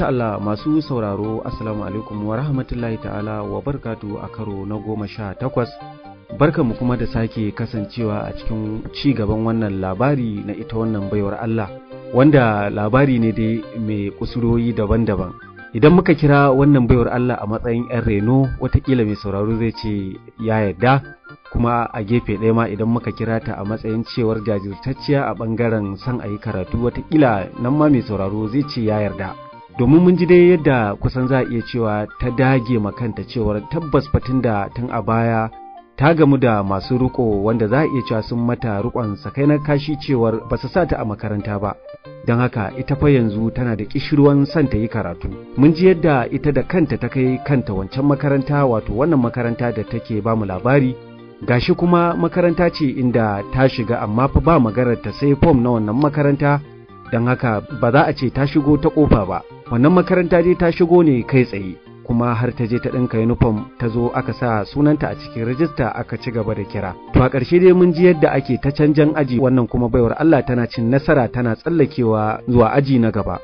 Masha Allah masu sauraro Assalamu alaikum wa rahmatullahi ta'ala wa barkatu a karo na goma sha takwas barka mu kuma da sake kasancewa a cikin ci gaban wannan labari na ita wannan baiwar Allah wanda labari ne dai mai kusuroyi daban-daban idan muka kira wannan baiwar Allah a matsayin 'yan reno watakila mai sauraro zai ce ya yarda kuma a gefe ɗaya ma idan muka kira ta a matsayin cewar jajirtacciya a ɓangaren son a yi karatu watakila nan ma mai sauraro zai ce ya yarda domin mun ji dai yadda kusan za a iya cewa ta dage makanta cewar tabbas fatin da tun a baya ta gamu da masu riko wanda za a iya cewa sun mata rikon sakainar kashi cewar ba su sa ta a makaranta ba don haka ita fa yanzu tana da kishirwan son ta yi karatu mun ji yadda ita da kanta ta kai kanta wancan makaranta wato wannan makaranta da take ba mu labari gashi kuma makaranta ce inda ta shiga amma fa ba maganar ta sai fom na wannan makaranta don haka ba za a ce ta shigo ta ƙofa ba wannan makaranta dai ta shigo ne kai tsaye kuma har ta je ta ɗinka yunifom ta zo aka sa sunanta a cikin rajista aka ci gaba da kira to a ƙarshe dai mun ji yadda ake ta canjan aji wannan kuma baiwar Allah tana cin nasara tana tsallakewa zuwa aji na gaba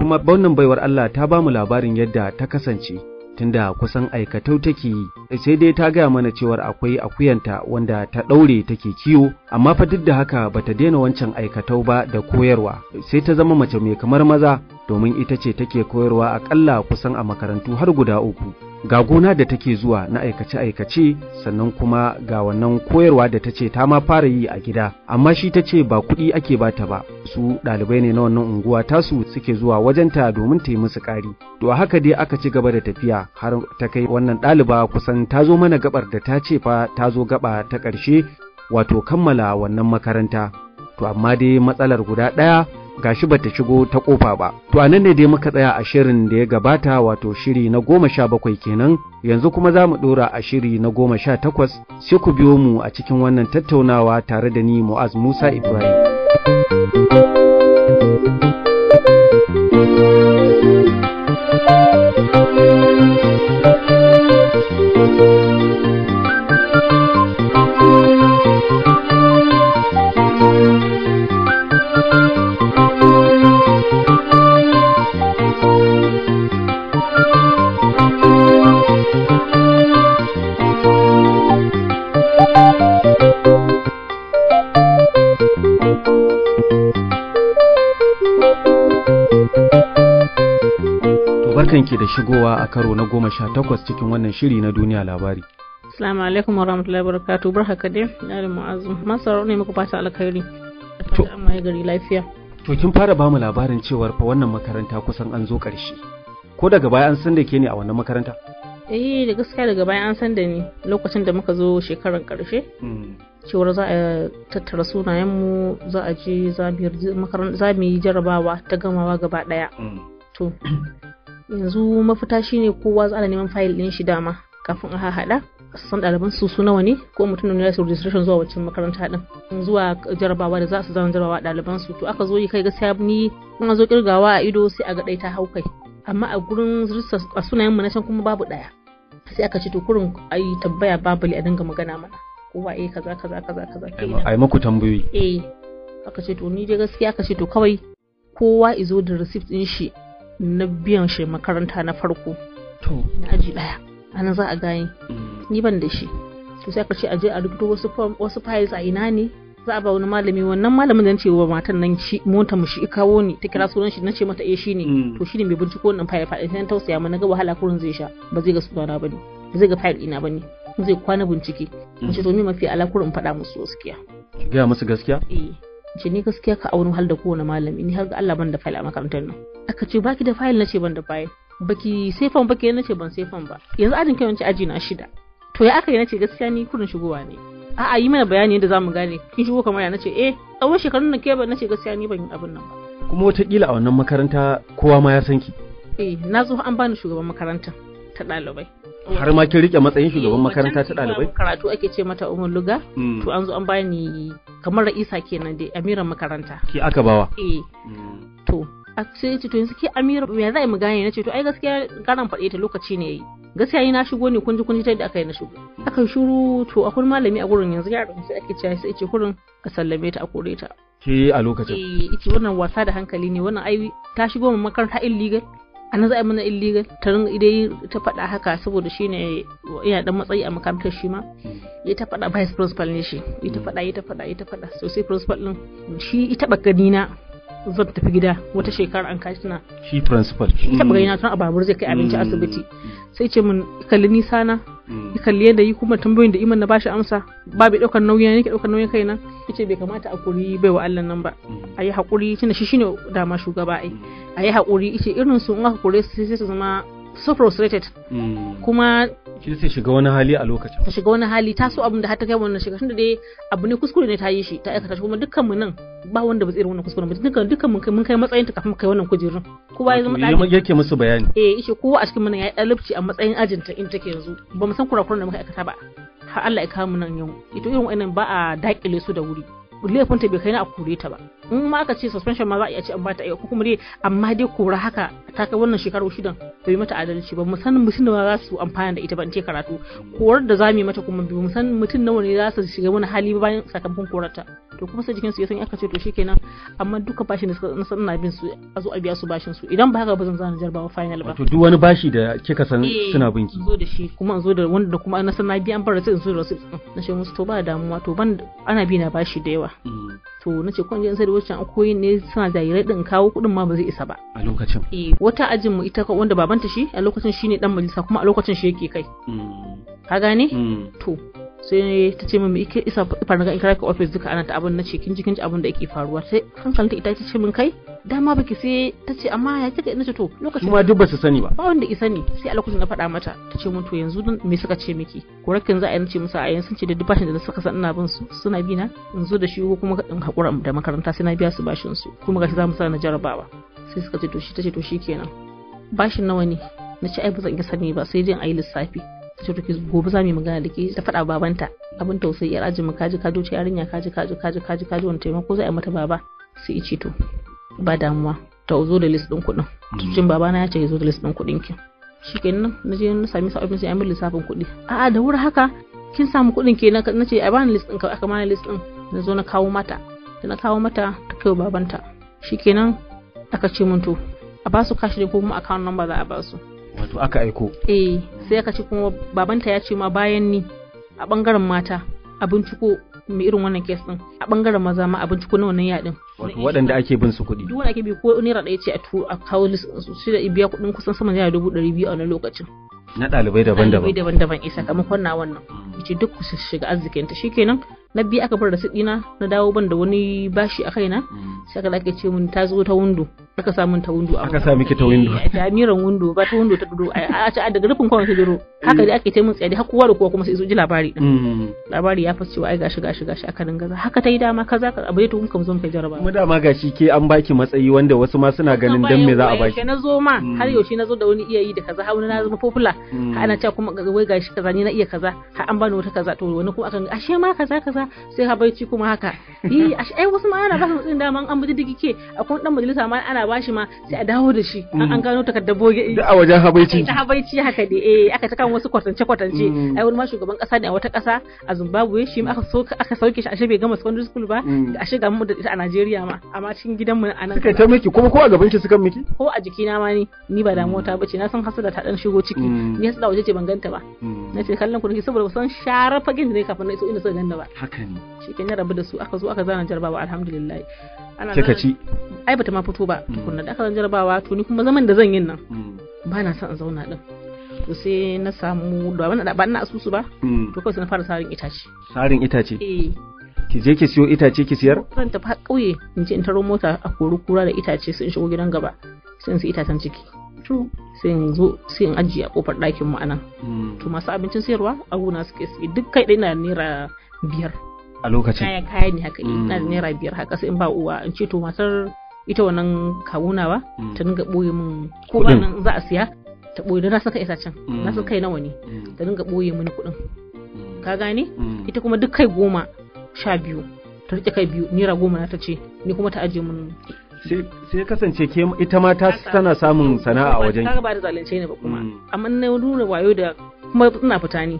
kuma wannan baiwar Allah ta ba mu labarin yadda ta kasance tunda kusan aikatau take yi sai dai ta gaya mana cewar akwai akuyanta wanda ta ɗaure take kiwo amma fa duk da haka bata daina wancan aikatau ba da koyarwa sai ta zama mace mai kamar maza domin ita ce take koyarwa aƙalla kusan a makarantu har guda uku ga gona da take zuwa na aikace-aikace sannan kuma ga wannan koyarwa da ta ce ta ma fara yi a gida amma shi ta ce ba kuɗi ake bata ba su ɗalibai ne na wannan unguwa tasu suke zuwa wajenta domin ta yi musu ƙari to a haka dai aka ci gaba da tafiya har ta kai wannan ɗaliba kusan ta zo mana gabar da ta ce fa ta zo gaba ta ƙarshe wato kammala wannan makaranta to amma dai matsalar guda ɗaya gashi ba ta shigo ta kofa ba to anan ne dai muka tsaya a shirin da ya gabata wato shiri na goma sha bakwai kenan yanzu kuma za mu dora a shiri na goma sha takwas sai ku biyo mu a cikin wannan tattaunawa tare da ni mu'az musa ibrahim ke da shigowa a karo na goma sha takwas cikin wannan shiri na duniya labari. Assalamu alaikum wa rahmatullahi wa barakatu bar haka dai na da mu'azzu masarar ne muku fata alkhairi. To amma ya gari lafiya. To kin fara bamu labarin cewar fa wannan makaranta kusan an zo ƙarshe. Ko daga baya an san da ke ne a wannan makaranta? Eh da gaskiya daga baya an san da ni lokacin da muka zo shekarar ƙarshe. Mm. Cewar za a tattara sunayenmu za a je za mu yi jarabawa ta gamawa gaba ɗaya. Mm. To yanzu mafita shine kowa za neman fayil ɗin shi dama kafin a haɗa san ɗaliban su su nawa ne ko mutum da nuna su registration zuwa wacce makaranta din zuwa jarabawa da za su zama jarabawa ɗaliban su to aka zo yi kai gaskiya ni in zo kirgawa a ido sai a ga ta hau kai amma a gurin a sunayen mu na can kuma babu ɗaya sai aka ce to kurin yi tambaya babu a dinga magana mana kowa eh kaza kaza kaza kaza ai maku tambayoyi eh aka ce to ni dai gaskiya aka ce to kawai kowa izo da receipt din shi na biyan shi makaranta na farko na aji daya anan za a gani mm. ni ban da shi to sai ka ce aje a rubuto wasu wasu files a ina ne za a ba wani malami wannan malamin da nace wa matan nan shi mota mu shi kawo ni ta kira sunan shi nace mata eh shine mm. to shine mai binciko wannan file file sai tausaya mana ga wahala kurin zai sha ba zai ga sunana bane ba zai ga file ina bane zai kwana bincike nace mm. to me mafi ala kurin faɗa musu gaskiya ga musu gaskiya eh ce ni gaskiya ka auni hal da kowane malami ni har ga Allah ban da file a makarantar nan aka ce baki da fayil na ce ban da fayil baki sefan ba na ce ban sefan ba yanzu ajin kai wance aji na shida to ya aka yi nace gaskiya ni kurin shigowa ne a'a yi mana bayani yadda zamu gane kin shigo kamar ya nace eh tsawon shekarun na ke na nace gaskiya ni ban yi abin nan ba kuma watakila a wannan makaranta kowa ma ya san ki eh na zo an bani shugaban makaranta ta ɗalibai har ma kin rike matsayin eh, shugaban makaranta ta ɗalibai karatu ake ce mata umar luga mm. to an zo an bani kamar ra'isa kenan dai amiran makaranta ki aka bawa eh mm. to a sai ce to yanzu ke Amira me za mu gane na ce to ai gaskiya karan faɗe ta lokaci ne yayi gaskiya ni na shigo ne kunji kunji ta yadda aka yi na shigo aka shiru to akwai malami a gurin yanzu yaron sai ake cewa sai ce kurin ka sallame ta a kore ta ke a lokacin eh ce wannan wasa da hankali ne wannan ai ta shigo mu makaranta illegal a nan za a yi mana illegal ta ringa idai ta faɗa haka saboda shine ina dan matsayi a makarantar shi ma hmm. ya ta faɗa vice principal ne shi ya ta hmm. faɗa ya ta faɗa ya ta faɗa so sai principal din shi ita bakani na zan tafi gida wata shekara an kashi na shi principal shi taba gaina tun a babur zai kai mm. abinci asibiti sai ce mun kalli nisa na mm. kalli yadda yi kuma tambayoyin da iman na bashi amsa ba bai daukar nauyin yake daukar nauyin na yace bai kamata a kuri bai wa Allah nan ba mm. ayi hakuri tunda shi shine dama shugaba ai ayi hakuri yace irin su in aka kore su sai su zama so frustrated hmm. kuma kin sai shiga wani hali a lokacin ta shiga wani hali ta so abin da har ta kai wannan shiga tunda dai abu ne kuskure ne ta yi shi ta aikata shi kuma dukkan mu nan ba wanda ba irin wannan kuskure ba dukkan dukkan mun kai mun kai matsayin ta kafin kai wannan kujerun kowa ya zama Ya yake musu bayani eh ishe kowa a cikin mu nan ya ɗalibci a matsayin ajin ta in take yanzu ba mu san kurakuran da muka aikata ba har Allah ya kawo mu nan yau ita irin wannan ba a dakile su da wuri laifin ta bai kai na a kure ta ba in ma aka ce suspension ma za a iya ce an bata aiki kuma dai amma dai kora haka ta kai wannan shekaru shidan bai mata adalci ba musan mutum da za su amfana da ita ba in ce karatu korar da zamu yi mata kuma bi musan mutum nawa ne za su shiga wani hali ba bayan sakamakon ta to kuma sai jikin su ya san aka ce to shikenan amma duka bashi ne na san na bin su a zo a biya su bashin su idan ba haka ba zan zana jarbawa final ba to duk wani bashi da kika san eh, suna binki zo da shi kuma zo da wanda kuma na san na biya an bar sai in zo da su na ce musu to ba damuwa to ban ana bi na bashi da yawa mm. to nace kun je in sai da lokacin akwai ne suna jarirai din kawo kuɗin ma ba zai isa ba a lokacin eh wata ajin mu ita wanda babanta shi a lokacin shine dan majalisa kuma a lokacin shi yake kai mm. ka gane mm. to sai ta ce min ike isa fara ga ikirar ka office duka ana ta abin na ce kin ji kin ji abin da yake faruwa sai hankalin ta ita ce min kai dama baki sai ta ce amma ya kika ina ce to lokacin kuma duk ba su sani ba ba wanda isa ne sai a lokacin na faɗa mata ta ce mun to yanzu me suka ce miki ko rakin za a yi ce musu a yanzu sun ce da bashin da suka san ina bin su suna bi na in zo da shi ko kuma in hakura da makaranta sai na biya su bashin su kuma gashi za mu sa na jarabawa sai suka ce to shi ta ce to shi kenan bashin nawa ne na ce ai ba zan iya sani ba sai dai a yi lissafi ki gobe za mu yi magana da ke ta faɗa babanta abin tausayi yar ajin mu kaji kajo ce yarinya kaji kaji kaji kaji kaji wani taimako za a mata baba sai ice to ba damuwa ta zo da list ɗin kuɗin mm. baba na ya ce ya zo da list ɗin kuɗin ki shikenan na je na sami sa'o'in sai amin lissafin kuɗi a'a da wuri haka kin samu kuɗin ke na ce a bani list ɗin ka aka mana list ɗin na zo na kawo mata da na kawo mata ta kai babanta shikenan aka ce mun to a basu kashi ne ko kuma account number za a basu wato aka aiko eh sai ka ci kuma babanta ya ce ma bayan ni a bangaren mata a binciko mai irin wannan kes din a bangaren maza ma a binciko na wannan yadin wato waɗanda ake bin su kuɗi duk wanda ake bi ko naira ɗaya ce a tu a kawo shi da biya kuɗin kusan sama da dubu ɗari biyu a wannan lokacin na ɗalibai daban-daban ɗalibai daban-daban isa eh, kamar na wannan Ice hmm. duk ku shiga arzikinta shikenan na biyu aka bar da su na dawo ban da wani bashi a kaina hmm. sai ake ce mun ta zo ta windo aka samu ta windo aka sa miki ta windo eh, ta miran windo ba ta windo ta dudu a ce daga rufin kwan ta duro mm. haka dai ake taimun tsaye har kowa da kowa kuma sai ji labari din mm. labari ya fasce ai gashi gashi gashi aka dinga za haka ta yi dama kaza ka abai to kun kam zo kai jaraba mu dama gashi ke an baki matsayi wanda wasu ma suna ganin dan me za a baki na zo ma mm. har yaushe na zo da wani iyayi da kaza hauna na zama popular har ana cewa kuma wai gashi kaza ni na iya kaza har an bani wata kaza to wani kuma akan ashe ma kaza kaza sai baici kuma haka eh ashe ai wasu ma ana ba su matsayin dama an bi diddigi ke akwai dan majalisa ma ana shi ma sai a dawo da shi an mm. gano takardar boge da a wajen habaici ta habaici haka da eh aka ta kan wasu kwatance kwatance mm. ai wani ma shugaban kasa ne a wata kasa a Zimbabwe shi aka soka aka sauke shi a bai gama secondary school ba mm. a shiga mu da ita a Najeriya ma amma cikin gidan mu a nan suka ta miki kuma ko a gaban ki suka miki ko a jiki na ma ni ni ba da mota bace na san hasada ta dan shigo ciki ni hasada waje ce ban ganta ba na ce kallon ku ne saboda san share fagen da ne kafin na iso inda suka ganda ba haka ne shi kan ya rabu da su aka zo aka zana jarabawa alhamdulillah kika ci ai bata ma fito ba mm. tukunna da aka zan jarabawa to ni kuma zaman da zan yin nan mm. ba na son in zauna din to sai na samu da wannan ba na asusu ba mm. to kawai sai na fara sarin itace sarin itace eh ki je ki siyo itace ki siyar ta tafi kauye in je in taro mota a koru kura da itace sai in shigo gidan gaba sai in su itacen ciki to sai in zo sai in ajiye a kofar ɗakin mu anan to masu abincin sayarwa a gona suke duk kai ɗaya na naira biyar a lokacin kayan kayan ne haka mm. ina da naira biyar haka sai in ba uwa in ce to matar ita wannan kawunawa mm. ta dinga boye min ko ba nan za a siya ta boye na saka isa can na san mm. kai nawa ne ta dinga boye mini kuɗin ka gane ita kuma duk kai goma sha biyu ta rike kai biyu naira goma na ta ce ni kuma ta aje min sai kasance ke ita ma ta tana samun sana'a a wajen ka ba da zalunce ne ba kuma amma na nuna wayo da kuma ina fita ne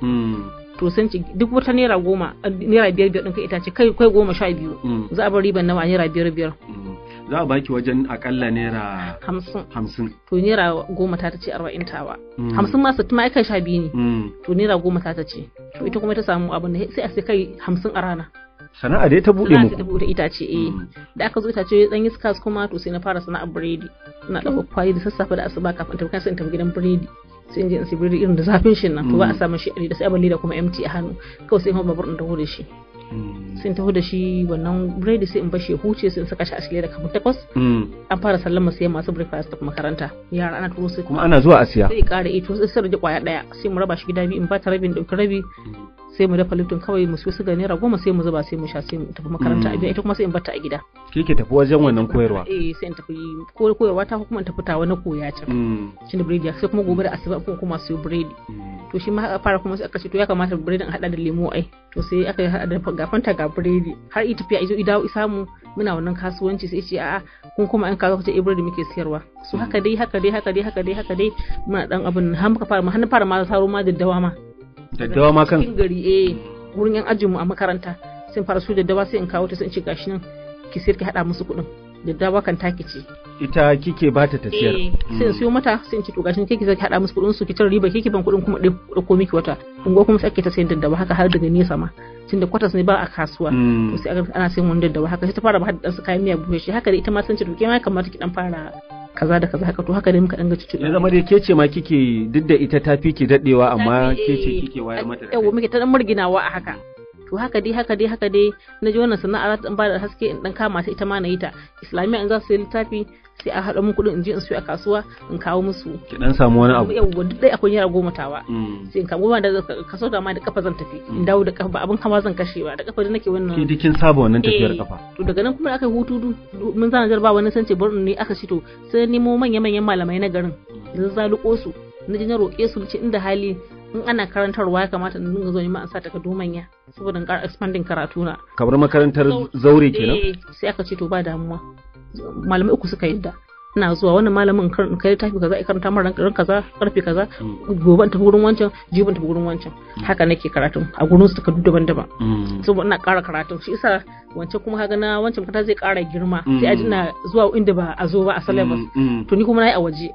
prosenci duk wata naira goma naira biyar biyar ɗin ita ce kai kai goma sha biyu mm. za a bar riban nawa naira biyar biyar mm. za a baki wajen akalla naira hamsin hamsin to naira goma ta ce arba'in tawa mm. hamsin ma su ma kai sha biyu ne to naira goma ta ce to ita kuma ta samu abin da sai a sai kai hamsin a rana sana'a dai ta buɗe muku sana'a ta buɗe itace eh da aka zo itace dan yi skas kuma to sai na fara sana'a biredi na dafa kwai da sassafe da asuba kafin ta kai sai ta gidan biredi sai in je in sai biredi irin da zafin shi nan to ba a mm. shi a da sai abali da kuma MT a hannu kawai sai babur in taho da shi mm. Sai taho da shi wannan biredi sai in bashi huce sai in saka shi a cikin da kamar takwas mm. an fara sallama sai masu breakfast da makaranta yara ana turo sai kuma ana zuwa Asiya. sai ƙara ito eh, sai sai rage kwaya daya sai mu raba shi gida biyu in ba ta rabin dauki rabi sai mu dafa lipton kawai mu siyo suga naira goma sai mu zuba sai mu sha sai mu tafi makaranta a mm. gida ita kuma sai in bata a gida ke ke tafi wajen wannan koyarwa eh sai in tafi ko koyarwa ta kuma in tafi tawa na koya can mm. shine biredi sai kuma gobe da asuba kuma kuma su biredi mm. to shi ma fara kuma sai aka ce to ya kamata biredin a hada da lemo ai to sai aka hada da gafanta ga biredi har i tafiya izo idawo isamu muna wannan kasuwanci sai ce a'a kun kuma an kawo kuce eh biredi muke siyarwa su haka dai haka dai haka dai haka dai haka dai muna dan abin har muka fara mu har fara ma saro ma daddawa ma daddawa ma kan cikin gari eh wurin yan ajinmu a makaranta sun fara su daddawa sai in kawo ta sun ce gashi nan ki sayar ki hada musu kuɗin daddawa kan take ce ita kike ba ta tafiyar. Eh, sai in hmm. siyo mata sai in ce to gashi kike zaki hada musu kudin su ki cin riba kike ban kudin kuma komai ki wata in go kuma sai ake ta sayar daddawa haka har daga nesa ma tunda kwatas ne ba a kasuwa hmm. sai ana sayan wani daddawa haka sai ta fara ba da dan su kayan miya buhe shi haka da ita ma sun ce to ke ma kamar ki dan fara kaza da kaza haka to haka dai muka danga cucu ya zama dai ke ce ma kike duk da ita tafi fi ki dadewa amma kece ce kike wayar mata da yawa muke ta dan murginawa a haka to haka dai haka dai haka dai na ji wannan sana'ar za ta ba da haske in dan kama ta ita ma na yi ta islamiya in za su yi littafi sai a haɗa mun kuɗin in je in siyo a kasuwa in kawo musu ki dan samu wani abu yawwa duk dai akwai yara goma tawa mm. sai in kawo ma da kaso da ma da kafa zan tafi in mm. dawo da kafa abin kama zan kashe ba da kafa da nake wannan ki kin saba wannan tafiyar kafa eh. to daga nan kuma aka yi hutu mun zana jarba wani sance barin ne aka sito sai sai nemo manya manyan malamai na garin da mm. zaluko su na je na roƙe su ce inda hali in ana karantarwa ya kamata in dinga zo ma an sa takardu manya saboda in kara expanding karatu na kamar makarantar zaure eh, kenan sai aka ce to ba damuwa malamai uku suka yadda ina zuwa wani malamin in kai tafi kaza in karanta mara ran kaza karfe kaza mm. gobe tafi gurin wancan jibin tafi gurin wancan mm. haka nake karatu a gurin su takardu daban-daban mm. saboda ina ƙara karatu shi isa wancan kuma haka na wancan makaranta zai ƙara girma sai a jina zuwa inda ba a zo ba a syllabus to ni kuma na yi a waje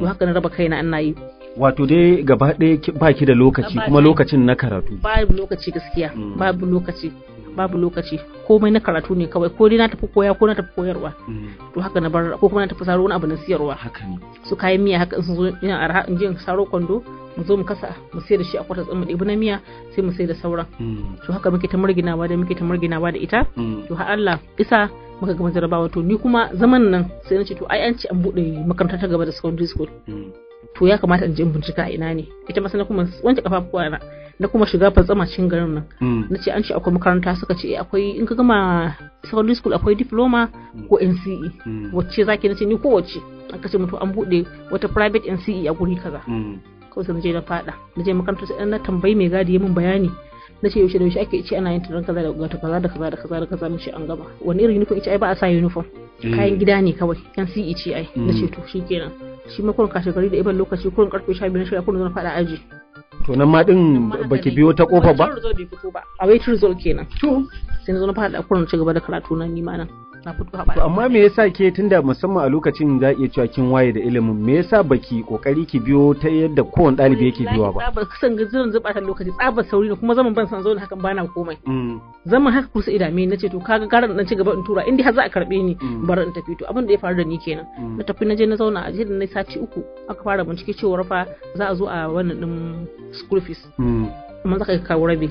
to haka na raba kaina ina yi wato dai gaba ɗaya ba ki da lokaci kuma lokacin na karatu babu lokaci gaskiya mm. babu lokaci babu lokaci komai na karatu ne kawai ko dai na tafi koya ko na tafi koyarwa mm. to haka na bar ko kuma na tafi saro wani abu na siyarwa haka ne su kayan miya haka sun zo ina arha in je in saro kwando mu zo mu kasa mu sayar da shi a kwata tsamma ɗibi na miya sai mu sayar da sauran mm. to haka muke ta murginawa da muke ta murginawa da ita to ha Allah isa muka gama jarabawa to ni kuma zaman nan sai na ce to ai an ce an buɗe makaranta ta gaba da secondary school to ya kamata in je in bincika a ina ne ita masana kuma na kuma wanke kafafuwa na na kuma shiga fantsama cikin garin nan mm. na ce an ce akwai makaranta suka ce eh, akwai in ka gama secondary school akwai diploma mm. ko NCE mm. wacce zaki na ce ni ko wacce an kace mutu an bude wata private NCE a guri kaza ko sai je na fada na je makaranta sai na tambayi mai gadi ya min bayani na ce yaushe da yaushe ake ce ana yin taron kaza da kaza da kaza da kaza da kaza mun ce an gama wani irin uniform ce ai ba a sa uniform kayan gida ne kawai NCE ce ai na ce to shikenan shi ma kurin kashe gari da iban lokaci kurin karfe 12 na shirya kurin zan fada aji. to nan ma din baki biyo ta kofa ba? a waitin zol kenan. to sai na zo na a kurin ci gaba da karatu na ma nan. na To amma me yasa ke tunda musamman a lokacin za iya cewa kin waye da ilimin me yasa baki kokari ki biyo ta yadda kowane ɗalibi yake biyowa ba. Ba kusan gizirin zuba ta lokaci tsabar sauri ne kuma zaman ban san zaune hakan bana komai. Mm. Zaman haka kusa idame na ce to kaga garan dan ci gaba in tura inda har za a karɓe ni mm. bar in tafi to abin da ya faru da ni kenan. Mm. Na tafi na je na zauna a da na sati uku aka fara bincike cewa fa za a zo a wannan din school fees. Amma za ka kawo rabi.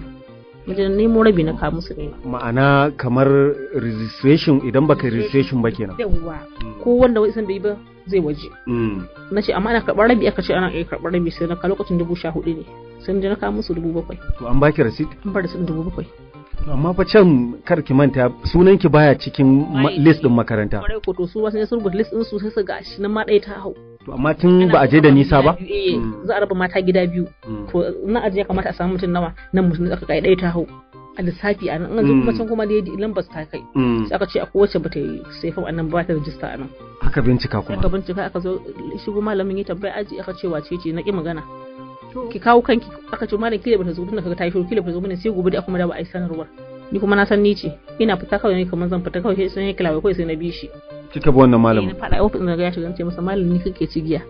wajen nemo rabi na kawo musu ma'ana kamar registration idan baka registration ba kenan yawwa hmm. ko wanda wai san bai ba zai waje hmm. na ce amma ana karɓar rabi aka ce ana karɓar rabi sai na ka lokacin dubu sha hudu ne sai na kawo musu dubu bakwai to an baki receipt an ba receipt dubu bakwai amma fa can kar ki manta sunan ki baya cikin list din makaranta. ko to su ba sun rubuta list din su sai su ga shi nan ma ɗaya ta hau. to amma tun ba a je da nisa ba eh, za a raba mata gida biyu to hmm. na aje ya kamata a samu mutum nawa nan mutum da aka kai ɗaya ta hau a lissafi a nan an hmm. kuma can kuma ba su ta kai hmm. sai aka ce a kowace wacce ta yi sai fa nan ba ta rajista a nan aka bincika kuma aka bincika aka zo shigo malamin ya tambaya aji aka ce wace ce na ki magana ki kawo kanki aka ce malam kila ta zo da kaga ta yi shiru kila ta zo bane sai gobe da kuma da ba a yi sanarwar ni kuma na san ni ce ina fita kawai ne kamar zan fita kawai sai sun kila kilawai kawai sai na bi shi kika bi wannan malamin eh, na faɗa ofis na ga ya shiga ce masa malamin ni kake ci giya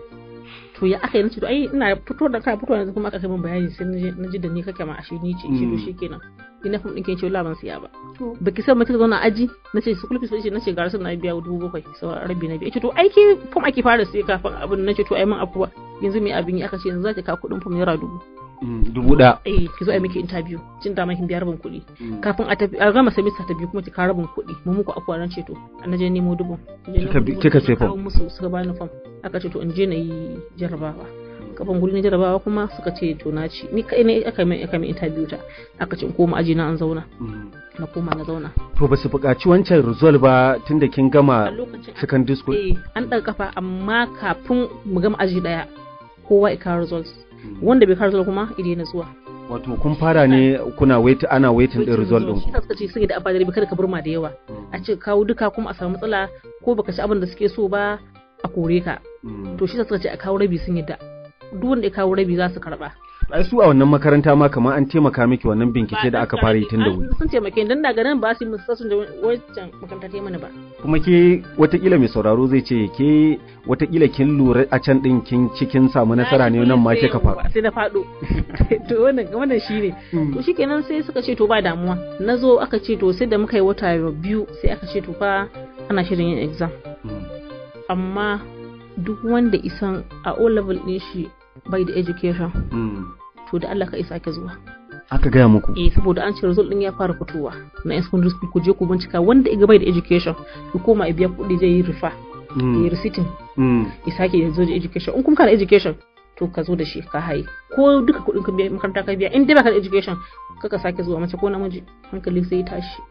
to ya aka yi nace to ai ina fito da ka fito yanzu kuma aka kai min bayani sai na ji da ni kake ma ashe ni ce shi mm. shi kenan ni na fahimta kin ce wallahi ban siya ba baki san mace zauna aji nace su kulfi sai nace ga rasul na biya dubu bakwai sauran rabi na biya ce to aiki fam ake fara sai kafin abin nace to ai mun afuwa yanzu me abin yi aka ce yanzu zaki ka kudin fam naira dubu dubu da eh ki zo a miki interview cin da kin biyar rabin kuɗi mm. kafin a tafi a gama semester ta biyu kuma ki ka rabin kuɗi mu muku akwa ran ceto na je nemo dubu kika ce fam musu suka bani fam aka ce to in je na yi jarabawa kafin guri na jarabawa kuma suka ce to na ci ni kai ne aka mai aka mai interview ta aka ce in koma aji na an zauna mm. na koma na zauna to ba su buƙaci wancan result ba tunda kin gama secondary school eh an ɗaga kafa amma kafin mu gama aji ɗaya kowa ya kawo results Hmm. wanda bai kara kuma ya na zuwa wato kun fara ne kuna wait ana waiting din result din ku suka ce suke da abadari kada ka burma da yawa hmm. a ce kawo duka kuma a samu matsala ko baka ci abin da suke so ba a kore ka hmm. to shi suka ce a kawo rabi sun yadda duk wanda ya kawo rabi za su karba ai su a wannan makaranta ma kamar an taimaka miki wannan bincike da aka fara yi tun da wuri sun taimake ni dan daga nan ba su yi sasu da wancan makaranta ta mana ba kuma ke watakila mai sauraro zai ce ke watakila kin lura a can din kin cikin samu nasara ne nan ma ke ka faɗo sai na fado to wannan wannan shine mm. to shikenan sai suka ce to ba damuwa na zo aka ce to sai da muka yi wata biyu sai aka ce to fa ana shirin yin exam mm. amma duk wanda isan a O level din shi bai da education hmm. to da Allah ka isa ke zuwa aka gaya muku eh saboda an ce result din ya fara fitowa na secondary school ku je ku bincika wanda iga bai da education ku koma ya biya kuɗi zai yi rifa. Hmm. yi receipt hmm. ya sake yanzu da education in kuma kana education to ka zo da shi ka haye ko duka kuɗin ka biya makaranta ka biya in dai baka da education kaka sake zuwa mace ko namiji hankali sai tashi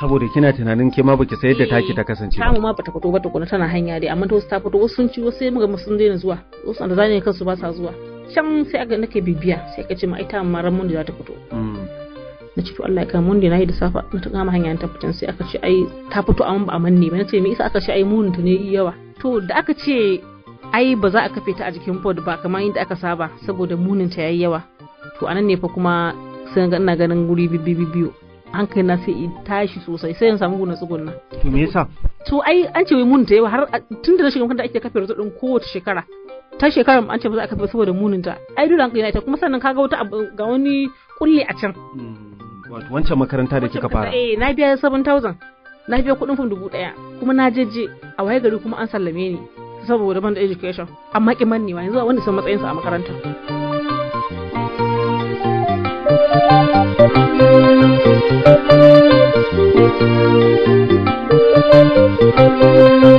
saboda kina tunanin ke ma baki sayar da eh, taki ta kasance ba tamu ma bata fito ba kuna tana hanya dai amma to ta fito wasu sun ci wasu sai muga sun daina zuwa wasu da zane kansu ba sa zuwa can sai aka nake bibiya sai aka ce ma ita amma ran mun da ta fito mm. na ci to Allah ya kai mun da nayi da safa na ta ma hanya ta fitan sai aka ce ai ta fito amma ba a manne ba na ce me isa aka ce ai munin ta ne yawa to da aka ce ai ba za a kafe ta a jikin pod ba kamar inda aka saba saboda munin ta yayi yawa to anan ne fa kuma sai ga ina ganin guri bibbi biyu hankali na sai tashi sosai sai in samu guna tsugunna to me yasa to ai an ce wai munin ta yawa har tun da na shiga makaranta ake kafe result din kowace shekara ta shekarar an ce ba za a kafe saboda munin ta ai dole hankali na ita kuma sannan kaga wata ga wani kulli a can mm, wato wancan makaranta da kika fara eh na biya 7000 na biya kudin fam dubu daya kuma na jeje a waye gari kuma an sallame ni saboda ban da education amma ki mannewa yanzu wanda san matsayinsa a makaranta Thank you.